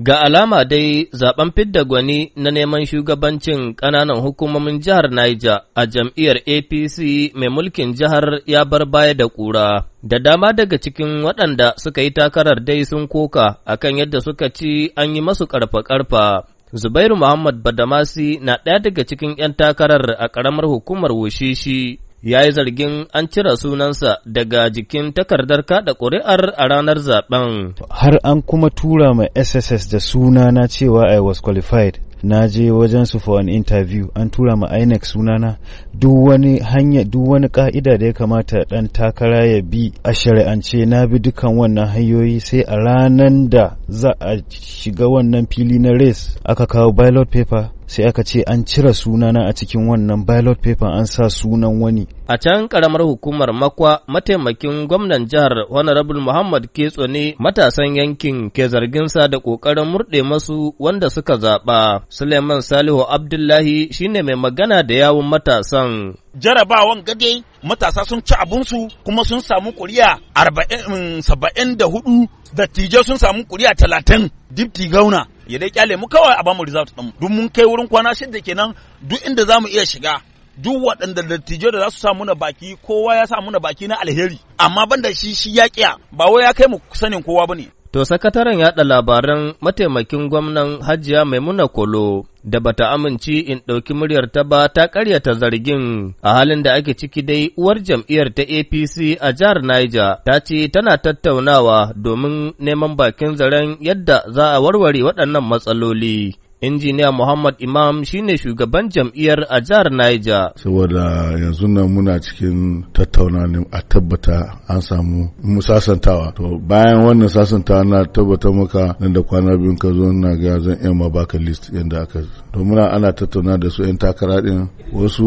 Ga alama dai zaben fidda gwani na neman shugabancin ƙananan hukumomin jihar Niger a jam'iyyar APC mai mulkin jihar ya bar baya da ƙura. Da dama daga cikin waɗanda suka yi takarar dai sun koka a kan yadda suka ci an yi masu ƙarfa-ƙarfa. Zubairu Muhammad Badamasi na ɗaya daga cikin ‘yan takarar a ƙaramar hukumar Wushishi. ya yi zargin an cire sunansa daga jikin takardar kada ƙuri'ar a ranar zaben. Har an kuma tura mai SSS da sunana cewa I was qualified. Na je wajen su for an interview an tura ma INEC sunana duk wani hanya duk wani ka'ida da ya kamata ɗan takara ya bi a shari'ance na bi dukan wannan hanyoyi sai a ranar da za a shiga wannan fili na race aka kawo ballot paper sai aka ce an cire sunana a cikin wannan ballot paper an sa sunan wani. A can karamar hukumar Makwa mataimakin gwamnan jihar Honorable Muhammad Ketso ne matasan yankin ke zargin sa da ƙoƙarin murɗe masu wanda suka zaɓa. Suleiman Salihu Abdullahi shine mai magana da yawun matasan. Jarabawan gade matasa sun ci abunsu kuma sun samu kuriya arba'in saba'in da hudu dattijai sun samu kuriya talatin dipti gauna ya dai kyale mu kawai a bamu result din duk mun kai wurin kwana shida kenan duk inda zamu iya shiga duk waɗanda dattijo da za su sa muna baki kowa ya sa muna baki na alheri amma banda shi shi ya kiya ba wai ya kai mu sanin kowa bane to sakataren yaɗa labaran mataimakin gwamnan Hajiya Maimuna Kolo da bata amince in ɗauki muryarta ba ta karyata zargin a halin da ake ciki dai uwar jam'iyyar ta APC a jihar Niger ta ce tana tattaunawa domin neman bakin zaren yadda za a warware waɗannan matsaloli Injiniya Muhammad Imam shine shugaban jam'iyyar a jihar Niger. Saboda yanzu nan muna cikin tattauna ne a tabbata an samu mu sasantawa. To bayan wannan sasantawa na tabbata maka nan da kwana biyun ka zo na ga zan iya ma baka list yadda aka. To muna ana tattauna da su 'yan takara din wasu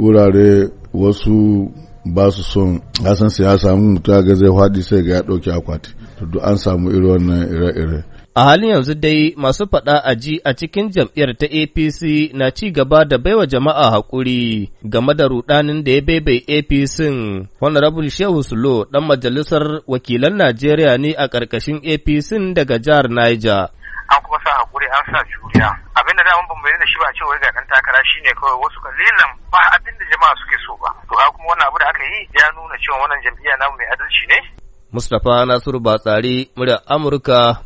wurare wasu ba su son san siyasa mun mutu ga zai faɗi sai ga ya ɗauki akwati to an samu irin wannan ire-ire A halin yanzu dai masu faɗa a ji a cikin jam'iyyar ta APC na ci gaba da baiwa jama'a haƙuri game da rudanin da ya baibai APC. Honorable Shehu Sulo ɗan majalisar wakilan Najeriya ne a ƙarƙashin APC daga jihar Niger. An kuma sa haƙuri an sa juriya. Abinda da daman bambari da shi ba cewa ga ɗan takara shine kawai wasu kalilan ba abinda jama'a suke so ba. To kuma wannan abu da aka yi ya nuna cewa wannan jam'iyya namu mai adalci ne. Mustapha Nasiru Batsari, murya Amurka